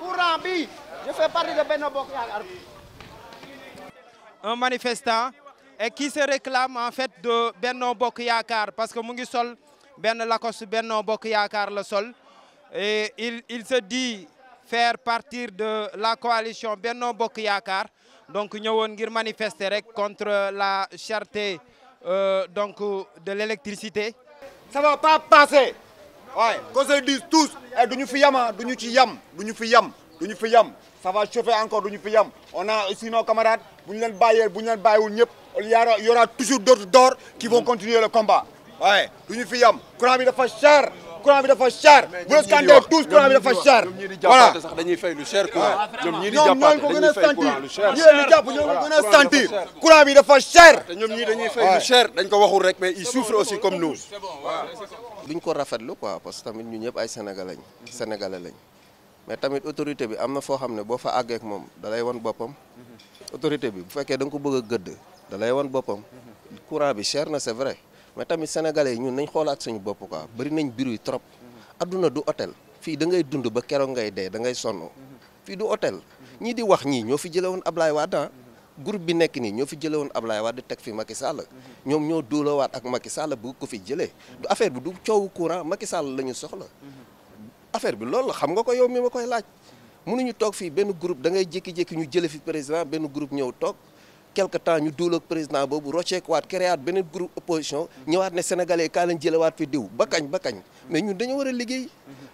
pour Rambi, Je fais partie de Benobok Un manifestant et qui se réclame en fait de Benno Bok parce que Mungi Sol, Ben Lacoste, Benno Bok le sol. Et il, il, se dit faire partir de la coalition Benno Bok Donc nous avons manifester contre la cherté euh, donc, de l'électricité. Ça ne va pas passer waaye conseil dise tous eh du fi yama ah, du ci yam yam ça va chauffer encore nous ñu yam on a aussi nos camarades vous ñu leen bàyyee il y aura toujours d'autres d'or qui vont mm. continuer le combat ouais nous ñu fi yam courant bi cher courant bi dafa cher. tous courant bi cher. voilà cher cher. cher. cher mais ils souffrent aussi comme nous. ko rafetlu quoi parce que tamit ñu ay sénégalais mhm. sénégalais mais tamit autorité bi amna fo xamné fa ak mom dalay won bopam mhm. autorité bi bu féké ko mhm. courant cher c'est vrai. mais tamit sénégalais ñun nañ xolaat suñu bop quoi bari nañ biru trop aduna du hôtel fii da ngay dund ba kéro ngay dé da ngay sonu fii du hôtel ñi di wax ñi ño fi jëlé won Ablaye Wade ah. groupe bi nekk ni ño fi jëlé won Ablaye Wade tek fi Macky Sall ñoom ñoo wat ak Macky Sall bu ko fi jëlé du affaire bi du ciow courant Macky Sall lañu soxla affaire bi lool xam nga ko yow mi ma koy laaj ñu tok fi ben groupe da ngay jéki jéki ñu jëlé fi président ben groupe ñew tok quelque temps ñu dugal ak président boobu waat créaat beneen groupe opposition ñëwaat ne sénégalais kaa lañ jëlewaat fi diw ba kañ ba kañ mais ñu dañu war a liggéey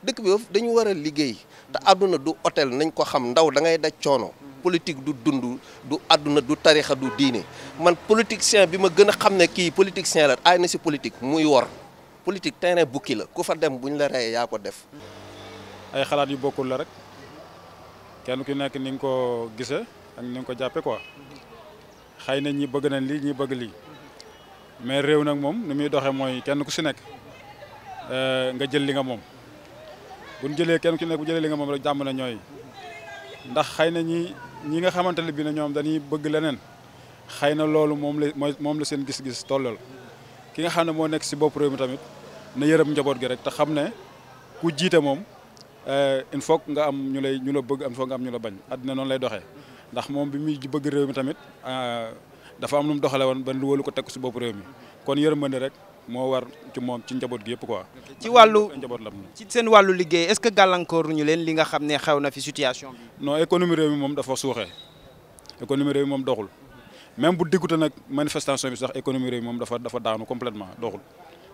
dëkk bi dañu war a liggéey te àdduna du hôtel nañ ko xam ndaw da ngay daj coono politique du dund du àdduna du tarixa du diine man politicien bi ma gën a xam ne kii politicien la ay na si politique muy wor politique terrain bukki la ku fa dem bu ñu la reyee yaa ko def ay xalaat yu bokkul la rek kenn ku nekk ni nga ko gisee ak ni ko xayna ñi bëgg nañ li ñi bëgg li mais réew nak moom ni muy doxé moy kenn ku nek euh nga jël li nga moom buñ jëlé kenn ku nek bu jëlé li nga mom rek jamm na ñoy ndax xayna ñi ñi nga xamante bi na ñoom dañuy bëgg leneen xayna loolu moom la mom la seen gis-gis tollal ki nga xamne mo nek ci bop bopp réew mi tamit na yërëm njabot gi rek ta xamne ku jité mom euh une fois nga am ñu lay ñu la bëgg am fo nga am ñu la bañ adina non lay doxé ndax moom bi muy bëgg réew mi tamit ah, dafa am nu mu doxale woon ba lu wóolu ko teg si bopp réew mi kon yërmande rek moo war ci moom ci njaboot gi yëpp quoi. ci wàllu ci seen wàllu liggéey est-ce que gàllankoor ñu leen li nga xam ne xew na fi situation bi. non économie réew mi moom dafa suuxee économie réew mi moom doxul même bu diggute nag manifestation bi sax économie réew mi moom dafa dafa daanu complètement doxul.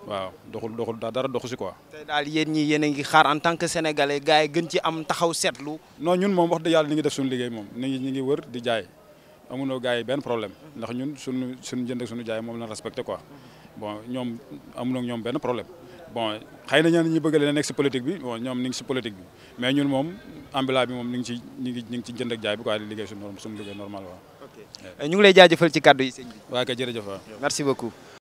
waaw doxul doxul dara doxu si quoi. tey daal yéen ñi yéen a ngi xaar en tant que sénégalais gars yi gën ci am taxaw seetlu. non ñun moom wax dëgg yàlla ñu ngi def suñu liggéey moom ñu ngi ñu ngi wër di jaay amunoo gars benn problème ndax ñun suñu suñu jënd ak suñu jaay moom la respecté quoi bon ñoom ñoom benn problème bon na ñaan ñi bëgg leen nekk si politique bi ñoom ñu ngi si politique bi mais ñun moom ambulant bi moom ñu ngi ci ngi ci jënd ak jaay bi quoi di liggéey suñu liggéey normal waaw. ñu ngi lay jaajëfal ci kàddu yi sëñ bi. waaw kay jërëjëf waaw. merci beaucoup